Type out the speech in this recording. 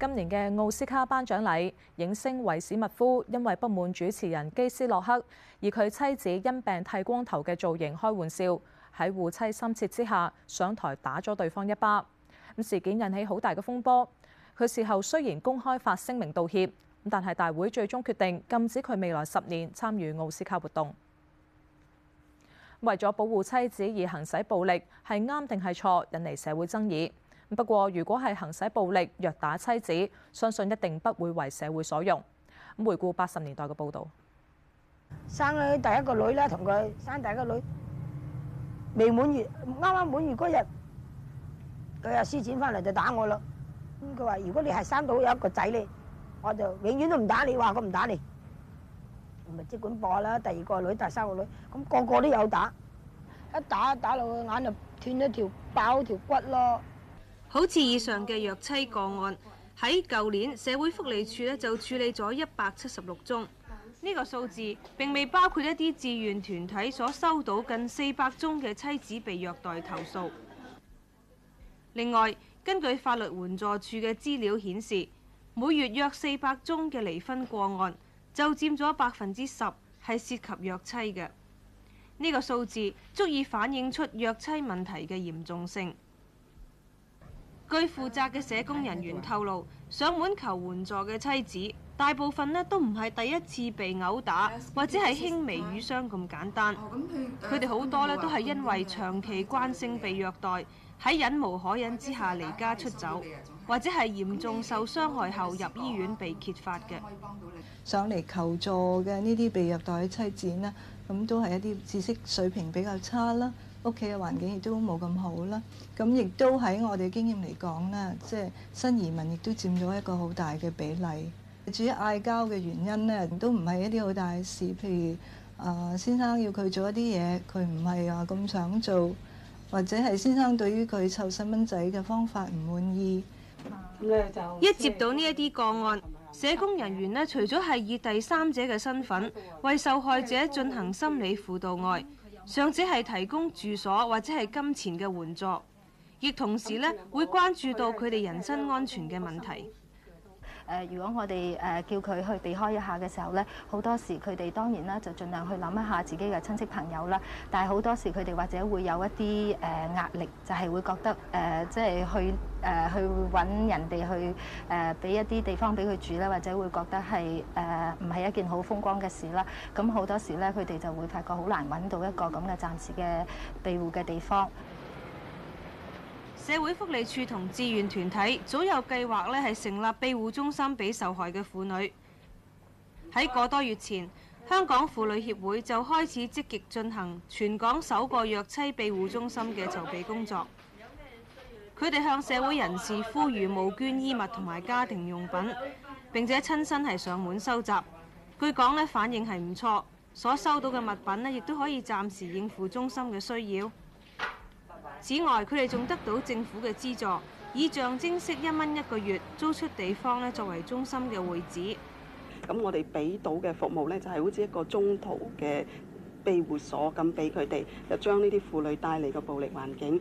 今年嘅奧斯卡頒獎禮，影星維史密夫因為不滿主持人基斯洛克而佢妻子因病剃光頭嘅造型開玩笑，喺護妻心切之下上台打咗對方一巴。咁事件引起好大嘅風波。佢事後雖然公開發聲明道歉，但係大會最終決定禁止佢未來十年參與奧斯卡活動。為咗保護妻子而行使暴力係啱定係錯，引嚟社會爭議。不過，如果係行使暴力，虐打妻子，相信一定不會為社會所容。回顧八十年代嘅報道，生咗第一個女咧，同佢生第一個女未滿月，啱啱滿月嗰日，佢又輸錢翻嚟就打我咯。咁佢話：如果你係生到有一個仔咧，我就永遠都唔打你。話佢唔打你，咪即管播啦。第二個女，第三個女，咁個個都有打，一打打落去眼就斷咗一條，爆條骨咯。好似以上嘅虐妻個案，喺舊年社會福利署呢就處理咗一百七十六宗。呢個數字，並未包括一啲志願團體所收到近四百宗嘅妻子被虐待投訴。另外，根據法律援助署嘅資料顯示，每月約四百宗嘅離婚個案就佔咗百分之十係涉及虐妻嘅。呢個數字，足以反映出虐妻問題嘅嚴重性。據負責嘅社工人員透露，上門求援助嘅妻子大部分呢都唔係第一次被毆打，或者係輕微瘀傷咁簡單。佢哋好多呢都係因為長期關性被虐待，喺忍無可忍之下離家出走，或者係嚴重受傷害後入醫院被揭發嘅。上嚟求助嘅呢啲被虐待嘅妻子呢，咁都係一啲知識水平比較差啦。屋企嘅環境亦都冇咁好啦，咁亦都喺我哋經驗嚟講啦，即係新移民亦都佔咗一個好大嘅比例。至於嗌交嘅原因呢，都唔係一啲好大事，譬如啊、呃，先生要佢做一啲嘢，佢唔係呀咁想做，或者係先生對於佢湊細蚊仔嘅方法唔滿意，就一接到呢一啲個案，社工人員呢，除咗係以第三者嘅身份為受害者進行心理輔導外，上者係提供住所，或者係金錢嘅援助，亦同時咧會關注到佢哋人身安全嘅問題。誒，如果我哋誒叫佢去避開一下嘅時候咧，好多時佢哋當然啦，就盡量去諗一下自己嘅親戚朋友啦。但係好多時佢哋或者會有一啲誒壓力，就係、係、會覺得誒，即、呃、係、就係、去誒、呃、去揾人哋去誒俾、呃、一啲地方俾佢住啦，或者會覺得係誒唔係一件好風光嘅事啦。咁好多時咧，佢哋就會發覺好難揾到一個咁嘅暫時嘅庇護嘅地方。社會福利處同志願團體早有計劃咧，係成立庇護中心俾受害嘅婦女。喺個多月前，香港婦女協會就開始積極進行全港首個虐妻庇護中心嘅籌備工作。佢哋向社會人士呼籲募捐衣物同埋家庭用品，並且親身係上門收集。據講咧，反應係唔錯，所收到嘅物品咧亦都可以暫時應付中心嘅需要。此外，佢哋仲得到政府嘅資助，以象徵式一蚊一個月租出地方咧，作為中心嘅會址。咁我哋俾到嘅服務咧，就係好似一個中途嘅庇護所咁，俾佢哋又將呢啲婦女帶嚟嘅暴力環境。